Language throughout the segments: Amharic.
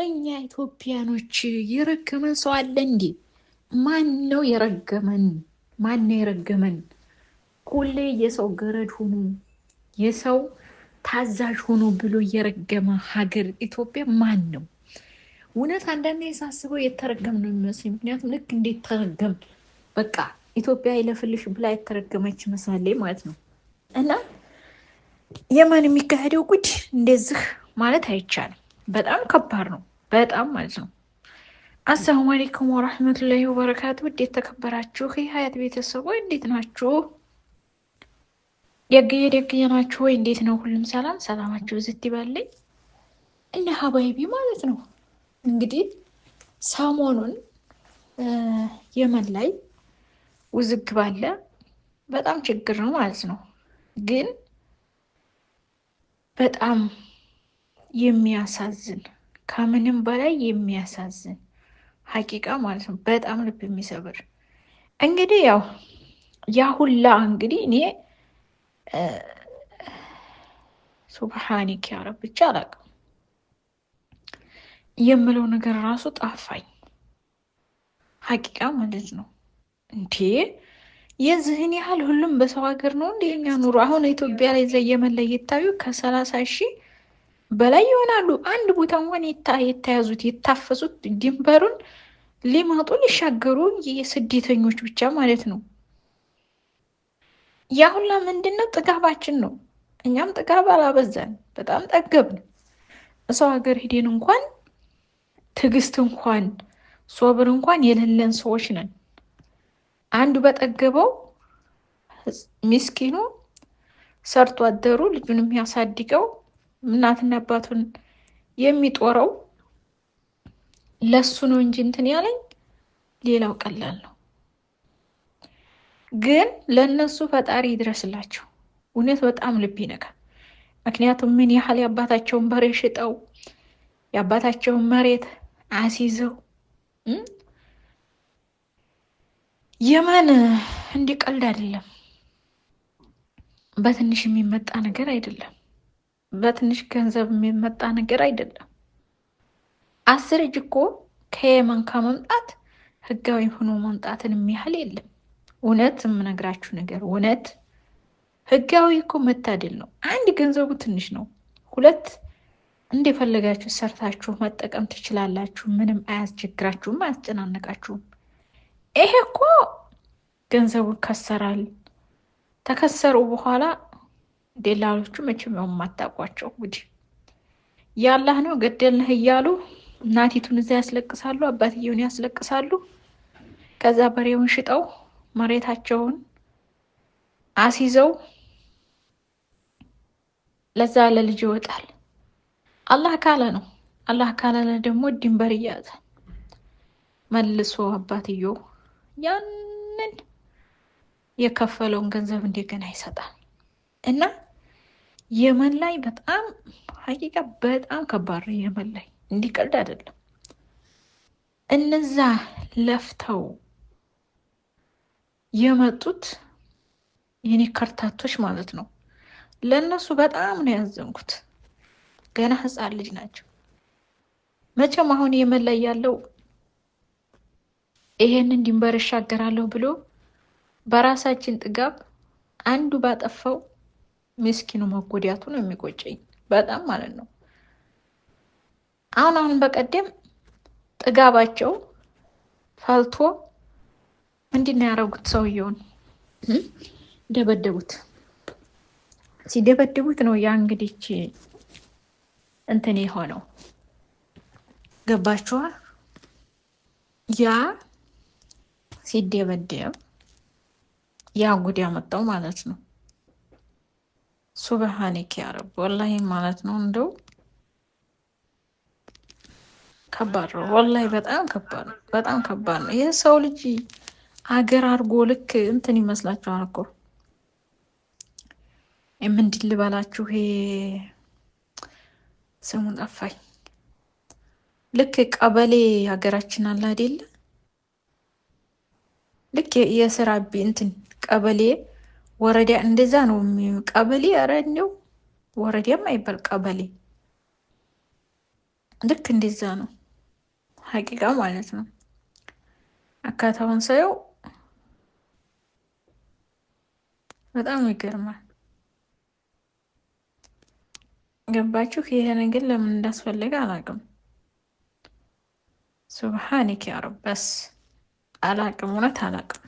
እኛ ኢትዮጵያኖች የረገመን ሰው አለ እንዴ? ማን ነው የረገመን? ማን ነው የረገመን? ሁሌ የሰው ገረድ ሆኖ የሰው ታዛዥ ሆኖ ብሎ የረገመ ሀገር ኢትዮጵያ ማን ነው? እውነት አንዳንድ የሳስበው የተረገም ነው የሚመስል። ምክንያቱም ልክ እንዴት ተረገም በቃ ኢትዮጵያ አይለፍልሽ ብላ የተረገመች መሳሌ ማለት ነው። እና የማን የሚካሄደው ጉድ እንደዚህ ማለት አይቻልም። በጣም ከባድ ነው። በጣም ማለት ነው። አሰላሙ አሌይኩም ወራህመቱላሂ ወበረካቱ። ውዴት ተከበራችሁ የሀያት ቤተሰብ ወይ እንዴት ናችሁ? ደግየ ደግየ ናችሁ ወይ? እንዴት ነው? ሁሉም ሰላም ሰላማችሁ ዝት ይበልኝ እነ ሀባይቢ ማለት ነው። እንግዲህ ሰሞኑን የመን ላይ ውዝግብ አለ። በጣም ችግር ነው ማለት ነው። ግን በጣም የሚያሳዝን ከምንም በላይ የሚያሳዝን ሀቂቃ ማለት ነው። በጣም ልብ የሚሰብር እንግዲህ ያው ያ ሁላ እንግዲህ እኔ ሱብሃኒክ ያረብ ብቻ አላውቅም የምለው ነገር ራሱ ጣፋኝ ሀቂቃ ማለት ነው። እንዴ የዚህን ያህል ሁሉም በሰው ሀገር ነው እንዲህ እኛ ኑሮ አሁን ኢትዮጵያ ላይ ዘየመን ላይ የታዩ ከሰላሳ ሺህ በላይ ይሆናሉ። አንድ ቦታ እንኳን የተያዙት የታፈሱት ድንበሩን ሊመጡ ሊሻገሩ የስደተኞች ብቻ ማለት ነው። ያ ሁላ ምንድነው? ጥጋባችን ነው። እኛም ጥጋብ አላበዛን፣ በጣም ጠገብን። እሰው ሀገር ሂደን እንኳን ትዕግስት እንኳን ሶብር እንኳን የሌለን ሰዎች ነን። አንዱ በጠገበው ሚስኪኑ ሰርቶ አደሩ ልጁን የሚያሳድገው እናትና አባቱን የሚጦረው ለሱ ነው እንጂ እንትን ያለኝ ሌላው ቀላል ነው። ግን ለእነሱ ፈጣሪ ይድረስላቸው። እውነት በጣም ልብ ይነካ። ምክንያቱም ምን ያህል የአባታቸውን በሬ ሽጠው የአባታቸውን መሬት አስይዘው የማን እንዲቀልድ አይደለም። በትንሽ የሚመጣ ነገር አይደለም። በትንሽ ገንዘብ የሚመጣ ነገር አይደለም። አስር እጅ እኮ ከየመን ከመምጣት ህጋዊ ሆኖ መምጣትን የሚያህል የለም። እውነት የምነግራችሁ ነገር እውነት ህጋዊ እኮ መታደል ነው። አንድ ገንዘቡ ትንሽ ነው። ሁለት እንደፈለጋችሁ ሰርታችሁ መጠቀም ትችላላችሁ። ምንም አያስቸግራችሁም፣ አያስጨናነቃችሁም። ይሄ እኮ ገንዘቡ ይከሰራል። ተከሰሩ በኋላ ደላሎቹ መቼም ነው የማታውቋቸው። እንግዲህ ያላህ ነው ገደልንህ እያሉ እናቲቱን እዛ ያስለቅሳሉ፣ አባትየውን ያስለቅሳሉ። ከዛ በሬውን ሽጠው መሬታቸውን አስይዘው ለዛ ለልጅ ይወጣል። አላህ ካለ ነው። አላህ ካላለ ደግሞ ድንበር እያዘ መልሶ አባትዮ ያንን የከፈለውን ገንዘብ እንደገና ይሰጣል እና የመን ላይ በጣም ሀቂቃ በጣም ከባድ ነው። የመን ላይ እንዲቀልድ አይደለም። እነዛ ለፍተው የመጡት የኔ ከርታቶች ማለት ነው። ለእነሱ በጣም ነው ያዘንኩት። ገና ህፃን ልጅ ናቸው። መቼም አሁን የመን ላይ ያለው ይሄንን ድንበር እሻገራለሁ ብሎ በራሳችን ጥጋብ አንዱ ባጠፋው ምስኪኑ መጎዳቱ ነው የሚቆጨኝ በጣም ማለት ነው። አሁን አሁን በቀደም ጥጋባቸው ፈልቶ ምንድን ነው ያደረጉት? ሰውየውን ደበደቡት። ሲደበደቡት ነው ያ እንግዲህ እንትን የሆነው ገባችኋ? ያ ሲደበደብ ያ ጉዳ መጣው ማለት ነው። ሱብሃኒክ ያረብ ወላሂ ማለት ነው። እንደው ከባድ ነው ወላሂ፣ በጣም ከባድ ነው። በጣም ከባድ ነው። ይህ ሰው ልጅ አገር አድርጎ ልክ እንትን ይመስላችኋል እኮ የምንድን ልበላችሁ፣ ይሄ ስሙን ጠፋኝ። ልክ ቀበሌ ሀገራችን አለ አይደለ? ልክ የስራ እንትን ቀበሌ ወረዳ እንደዛ ነው። ቀበሌ ኧረ እንደው ወረዳም አይባል ቀበሌ ልክ እንደዛ ነው ሀቂቃ ማለት ነው። አካታውን ሳየው በጣም ይገርማል። ገባችሁ? ይሄ ነገር ለምን እንዳስፈለገ አላቅም። ሱብሃኒክ ያረብ። በስ አላቅም፣ እውነት አላቅም፣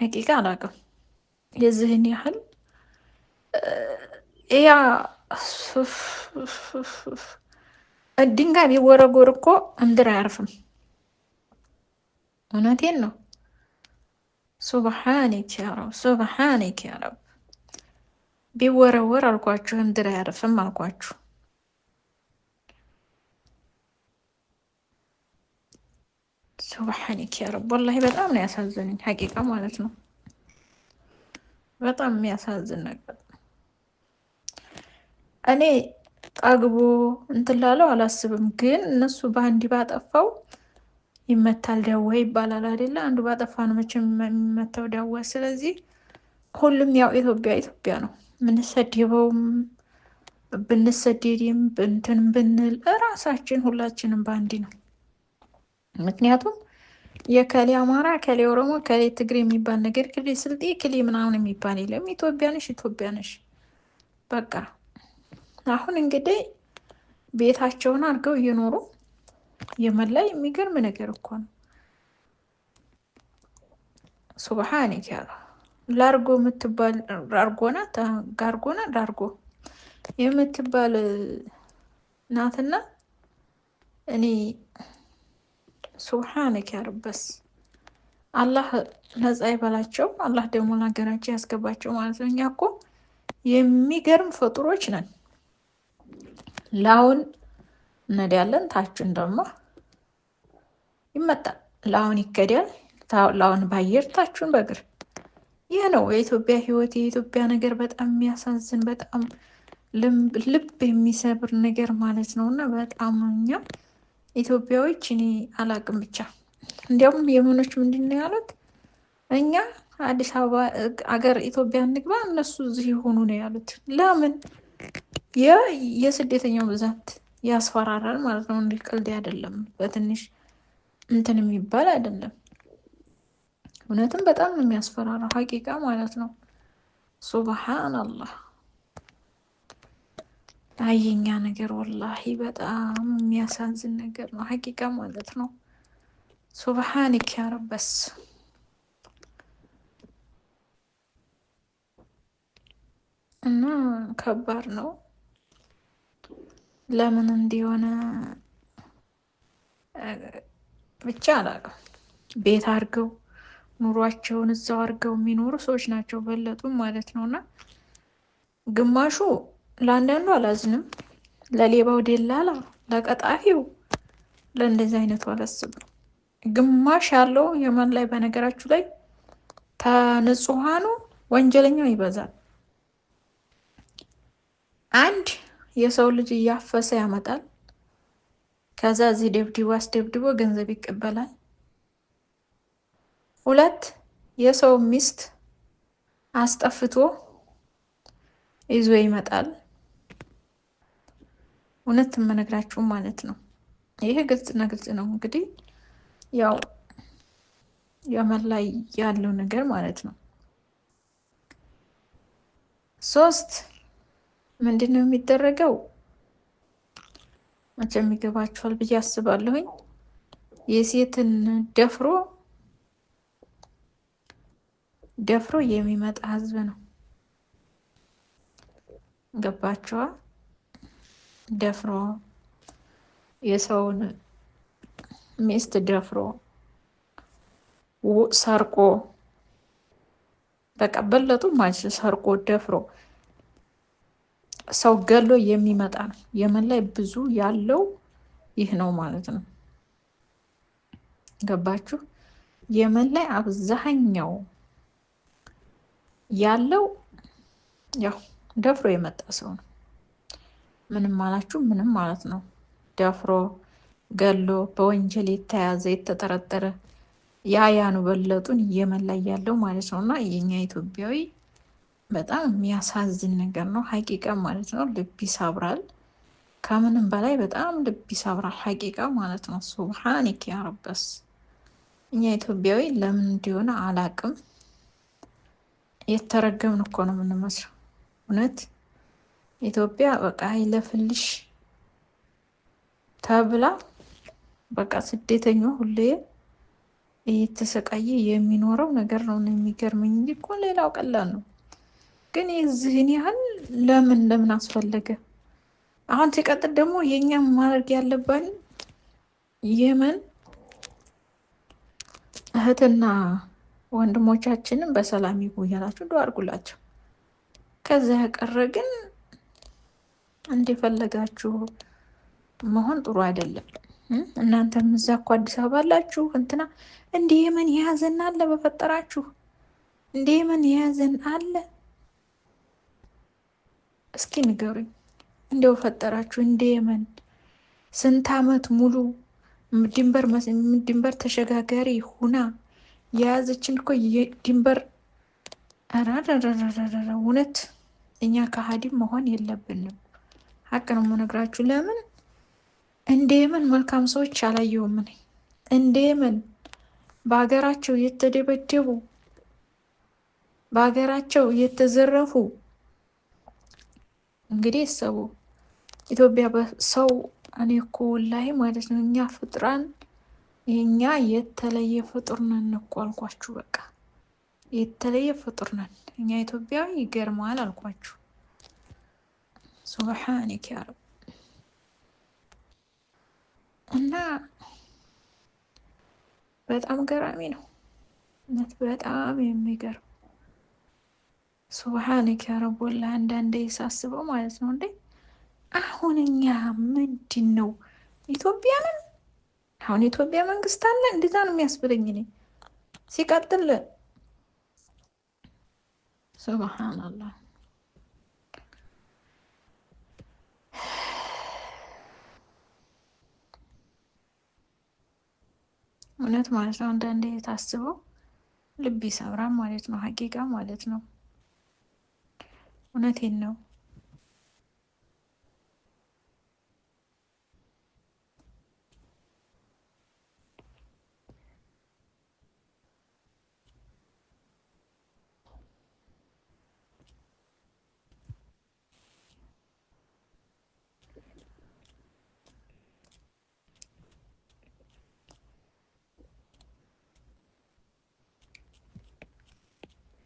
ሀቂቃ አላቅም። የዚህን ያህል ያ ድንጋይ ቢወረጎር እኮ እምድር አያርፍም። እውነቴን ነው። ሱብሓኒክ ያረብ፣ ሱብሓኒክ ቢወረወር አልኳችሁ እምድር አያርፍም አልኳችሁ። ሱብሓኒክ ያረብ። ወላሂ በጣም ነው ያሳዘነኝ ሀቂቃ ማለት ነው። በጣም የሚያሳዝን ነገር እኔ ጠግቦ እንትን ላለው አላስብም፣ ግን እነሱ በአንድ ባጠፋው ይመታል ደዌ ይባላል አይደለ? አንዱ ባጠፋ ነው መቼም የሚመታው ደዌ። ስለዚህ ሁሉም ያው ኢትዮጵያ ኢትዮጵያ ነው። ምንሰድበውም ብንሰደድም ብንትን ብንል እራሳችን ሁላችንም በአንድ ነው። ምክንያቱም የከሌ አማራ ከሌ ኦሮሞ ከሌ ትግሬ የሚባል ነገር ክሌ ስልጤ ክሌ ምናምን የሚባል የለም። ኢትዮጵያ ነሽ፣ ኢትዮጵያ ነሽ። በቃ አሁን እንግዲህ ቤታቸውን አድርገው እየኖሩ የመላ የሚገርም ነገር እኮ ነው። ሱብሃኒክ ያሉ ላርጎ የምትባል ዳርጎና ጋርጎና ዳርጎ የምትባል ናትና እኔ ሱብሓንከ ያርበስ አላህ ነጻ ይበላቸው። አላህ ደግሞ ለሀገራቸው ያስገባቸው ማለት ነው። እኛ እኮ የሚገርም ፍጡሮች ነን። ላውን እነዳለን ታችን ደግሞ ይመጣል። ላውን ይከዳል፣ ላውን በአየር ታችን በእግር ይህ ነው የኢትዮጵያ ህይወት። የኢትዮጵያ ነገር በጣም የሚያሳዝን በጣም ልብ የሚሰብር ነገር ማለት ነው እና በጣም እኛ ኢትዮጵያዎች እኔ አላቅም ብቻ እንዲያውም የመኖች ምንድን ነው ያሉት እኛ አዲስ አበባ አገር ኢትዮጵያ እንግባ እነሱ እዚህ የሆኑ ነው ያሉት። ለምን የስደተኛው ብዛት ያስፈራራል ማለት ነው። እንዲህ ቀልድ አይደለም፣ በትንሽ እንትን የሚባል አይደለም። እውነትም በጣም ነው የሚያስፈራራው ሀቂቃ ማለት ነው። ሱብሃን አላህ አየኛ ነገር ወላሂ በጣም የሚያሳዝን ነገር ነው። ሀቂቃ ማለት ነው። ሱብሃኒክ ያረበስ እና ከባድ ነው። ለምን እንዲሆነ ብቻ አላውቅም። ቤት አድርገው ኑሯቸውን እዛው አድርገው የሚኖሩ ሰዎች ናቸው በለጡም ማለት ነው እና ግማሹ ለአንዳንዱ አላዝንም፣ ለሌባው ደላላ፣ ለቀጣፊው፣ ለእንደዚህ አይነቱ አላስብም። ግማሽ ያለው የመን ላይ በነገራችሁ ላይ ተንጹሃኑ ወንጀለኛው ይበዛል። አንድ የሰው ልጅ እያፈሰ ያመጣል። ከዛ እዚህ ደብድቦ አስደብድቦ ገንዘብ ይቀበላል። ሁለት የሰው ሚስት አስጠፍቶ ይዞ ይመጣል። እውነት የምነግራችሁ ማለት ነው። ይሄ ግልጽና ግልጽ ነው። እንግዲህ ያው የመን ላይ ያለው ነገር ማለት ነው። ሶስት ምንድን ነው የሚደረገው? መቼም ይገባችኋል ብዬ አስባለሁኝ። የሴትን ደፍሮ ደፍሮ የሚመጣ ህዝብ ነው። ገባችዋ? ደፍሮ የሰውን ሚስት ደፍሮ ሰርቆ በቃ በለጡ ማችል ሰርቆ ደፍሮ ሰው ገሎ የሚመጣ ነው። የመን ላይ ብዙ ያለው ይህ ነው ማለት ነው። ገባችሁ? የመን ላይ አብዛኛው ያለው ያው ደፍሮ የመጣ ሰው ነው። ምንም አላችሁ ምንም ማለት ነው። ደፍሮ ገሎ በወንጀል የተያዘ የተጠረጠረ የአያኑ በለጡን እየመላይ ያለው ማለት ነው። እና የኛ ኢትዮጵያዊ በጣም የሚያሳዝን ነገር ነው። ሀቂቃ ማለት ነው። ልብ ይሰብራል። ከምንም በላይ በጣም ልብ ይሰብራል። ሀቂቃ ማለት ነው። ሱብሃኒክ ያረበስ እኛ ኢትዮጵያዊ ለምን እንዲሆነ አላቅም። የተረገምን እኮ ነው የምንመስለው። እውነት ኢትዮጵያ በቃ አይለፍልሽ ተብላ በቃ ስደተኛ ሁሌ እየተሰቃየ የሚኖረው ነገር ነው የሚገርመኝ እንጂ እኮ ሌላው ቀላል ነው። ግን የዚህን ያህል ለምን ለምን አስፈለገ? አሁን ሲቀጥል ደግሞ የእኛም ማድረግ ያለባን የመን እህትና ወንድሞቻችንን በሰላም ይጎያላችሁ፣ ዱአ አድርጉላቸው። ከዛ ያቀረ ግን እንደፈለጋችሁ መሆን ጥሩ አይደለም። እናንተም እዛ እኮ አዲስ አበባ አላችሁ እንትና እንደ የመን የያዘን አለ፣ በፈጠራችሁ እንደ የመን የያዘን አለ። እስኪ ንገሩኝ፣ እንደው ፈጠራችሁ እንደ የመን ስንት አመት ሙሉ ድንበር ድንበር ተሸጋጋሪ ሁና የያዘችን እኮ ድንበር ረረረረረ እውነት እኛ ከሀዲም መሆን የለብንም። ሀቅ ነው የምነግራችሁ። ለምን እንደ የመን መልካም ሰዎች አላየውም። እኔ እንደ የመን በሀገራቸው የተደበደቡ በሀገራቸው የተዘረፉ እንግዲህ ሰቡ ኢትዮጵያ በሰው እኔ እኮ ላይ ማለት ነው እኛ ፍጥራን እኛ የተለየ ፍጡር ነን እኮ አልኳችሁ በቃ የተለየ ፍጡር ነን እኛ ኢትዮጵያዊ። ይገርመዋል አልኳችሁ። ሱብሓኒክ ያረብ እና በጣም ገራሚ ነው። እውነት በጣም የሚገርም ሱብሓኒክ ያረቦላ አንዳንዴ ሳስበው ማለት ነው እንዴ አሁን እኛ ምንድን ነው ነን? አሁን የኢትዮጵያ መንግስት አለ እንደዛ ነው የሚያስብለኝ እኔ ሲቀጥል Subhanallah. እውነት ማለት ነው። አንዳንዴ የታስበው ልብ ይሰብራል ማለት ነው። ሀቂቃ ማለት ነው። እውነቴን ነው።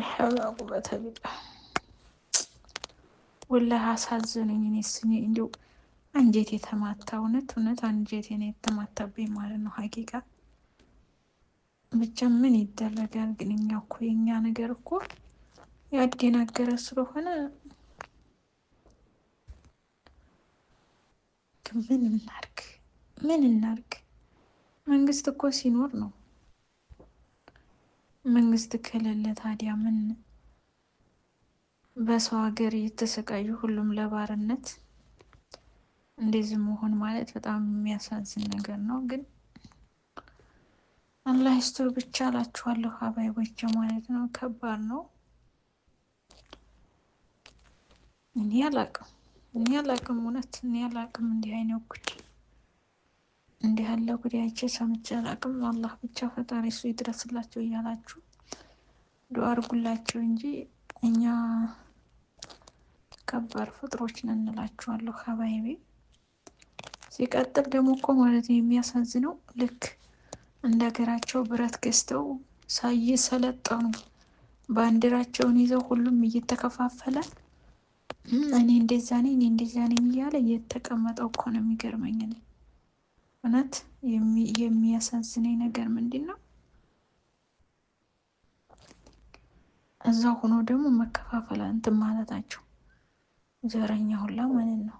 ለሐውላ ቁበተ ቢላ ወላሂ አሳዘነኝ። እኔስ እንዲሁ አንጀት የተማታ እውነት እውነት አንጀት ነው የተማታብኝ ማለት ነው። ሀቂቃ ብቻ ምን ይደረጋል? ግን እኛ እኮ የኛ ነገር እኮ ያደናገረ ስለሆነ ምን እናርግ? ምን እናርግ? መንግስት እኮ ሲኖር ነው መንግስት ከሌለ ታዲያ ምን በሰው ሀገር እየተሰቃዩ ሁሉም ለባርነት እንደዚህ መሆን ማለት በጣም የሚያሳዝን ነገር ነው። ግን አላህ ይስጥር ብቻ እላችኋለሁ አባይቦቼ ማለት ነው። ከባድ ነው። እኔ አላቅም እኔ አላቅም እውነት እኔ አላቅም እንዲህ አይነት ጉድ እንዲህ ያለ ጉዳያቸ ሰምቼ አላቅም። አላህ ብቻ ፈጣሪ እሱ ይድረስላቸው እያላችሁ ዱዓ አድርጉላቸው እንጂ እኛ ከባድ ፍጥሮች ነን እንላችኋለሁ ሀባይቤ። ሲቀጥል ደግሞ እኮ ማለት ነው የሚያሳዝነው ልክ እንደ ሀገራቸው ብረት ገዝተው ሰለጠኑ ባንዲራቸውን ይዘው ሁሉም እየተከፋፈለ እኔ እንደዛ ነኝ እኔ እንደዛ ነኝ እያለ እየተቀመጠው እኮ ነው የሚገርመኝ። እውነት የሚያሳዝነኝ ነገር ምንድን ነው? እዛ ሆኖ ደግሞ መከፋፈል እንትን ማለታቸው ዘረኛ ሁላ ማለት ነው።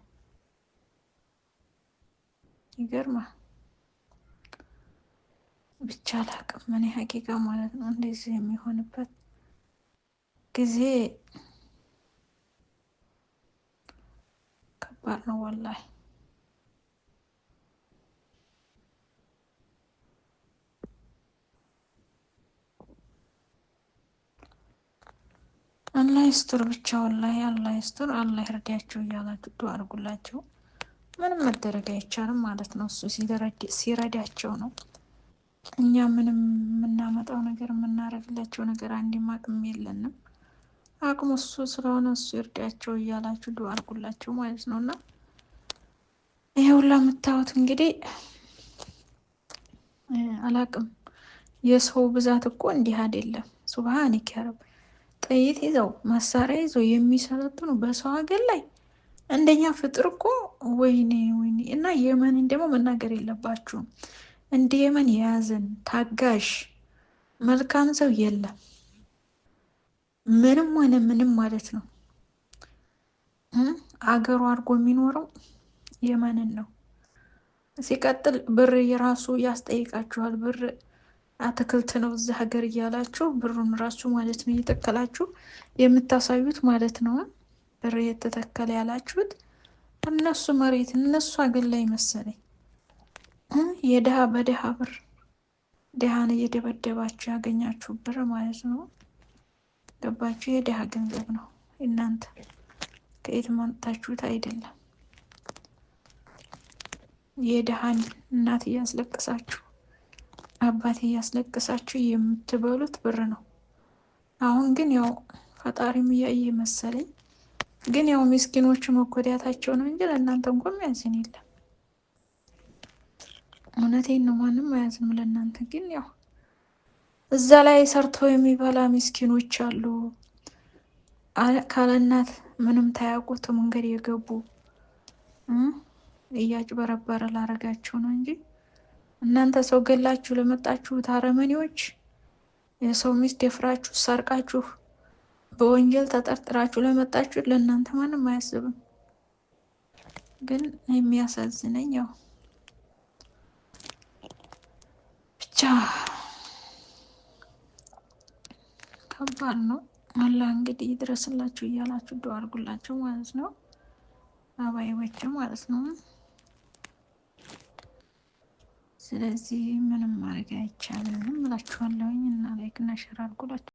ይገርማ ብቻ አላቅም ምን ሀቂቃ ማለት ነው እንደዚህ የሚሆንበት ጊዜ ከባድ ነው ወላሂ። ይስጥር ብቻ ወላሂ አላህ ይስጥር፣ አላህ ይርዳያቸው እያላችሁ ዱዓ አድርጉላቸው። ምንም መደረግ አይቻልም ማለት ነው። እሱ ሲረዳቸው ነው። እኛ ምንም የምናመጣው ነገር የምናደርግላቸው ነገር አንድም አቅም የለንም። አቅሙ እሱ ስለሆነ እሱ ይርዳያቸው እያላችሁ ዱዓ አድርጉላቸው ማለት ነው እና ይሄ ሁላ የምታዩት እንግዲህ አላቅም የሰው ብዛት እኮ እንዲህ አይደለም። ሱብሃኒክ ያረብ ጥይት ይዘው መሳሪያ ይዘው የሚሰለጥኑ በሰው ሀገር ላይ እንደኛ ፍጥር እኮ ወይኔ ወይኔ። እና የመንን ደግሞ መናገር የለባችሁም። እንደ የመን የያዘን ታጋሽ መልካም ሰው የለም። ምንም ሆነ ምንም ማለት ነው። አገሩ አድርጎ የሚኖረው የመንን ነው። ሲቀጥል ብር የራሱ ያስጠይቃችኋል። ብር አትክልት ነው እዚህ ሀገር እያላችሁ ብሩን ራሱ ማለት ነው እየተከላችሁ የምታሳዩት ማለት ነው። ብር እየተተከለ ያላችሁት እነሱ መሬት እነሱ አገር ላይ መሰለኝ የድሀ በድሀ ብር ድሀን እየደበደባችሁ ያገኛችሁ ብር ማለት ነው። ገባችሁ? የድሀ ገንዘብ ነው እናንተ ከየት ማምጣችሁት አይደለም። የድሀን እናት እያስለቅሳችሁ አባቴ እያስለቅሳችሁ የምትበሉት ብር ነው። አሁን ግን ያው ፈጣሪም እያየ መሰለኝ። ግን ያው ምስኪኖቹ መጎዳታቸው ነው እንጂ ለእናንተ እንኳ የሚያዝን የለም። እውነቴን ነው፣ ማንም አያዝንም ለእናንተ። ግን ያው እዛ ላይ ሰርቶ የሚበላ ምስኪኖች አሉ። ካለእናት ምንም ታያውቁት መንገድ የገቡ እያጭበረበረ ላረጋቸው ነው እንጂ እናንተ ሰው ገላችሁ ለመጣችሁት አረመኔዎች የሰው ሚስት ደፍራችሁ ሰርቃችሁ በወንጀል ተጠርጥራችሁ ለመጣችሁት ለእናንተ ማንም አያስብም። ግን የሚያሳዝነኝ ያው ብቻ ከባድ ነው። አላ እንግዲህ ይድረስላችሁ እያላችሁ ዱአ አድርጉላቸው ማለት ነው። አባይዎችም ማለት ነው። ስለዚህ ምንም ማድረግ አይቻልም እላችኋለሁኝ እና ላይክ እና ሸር አድርጉላችሁ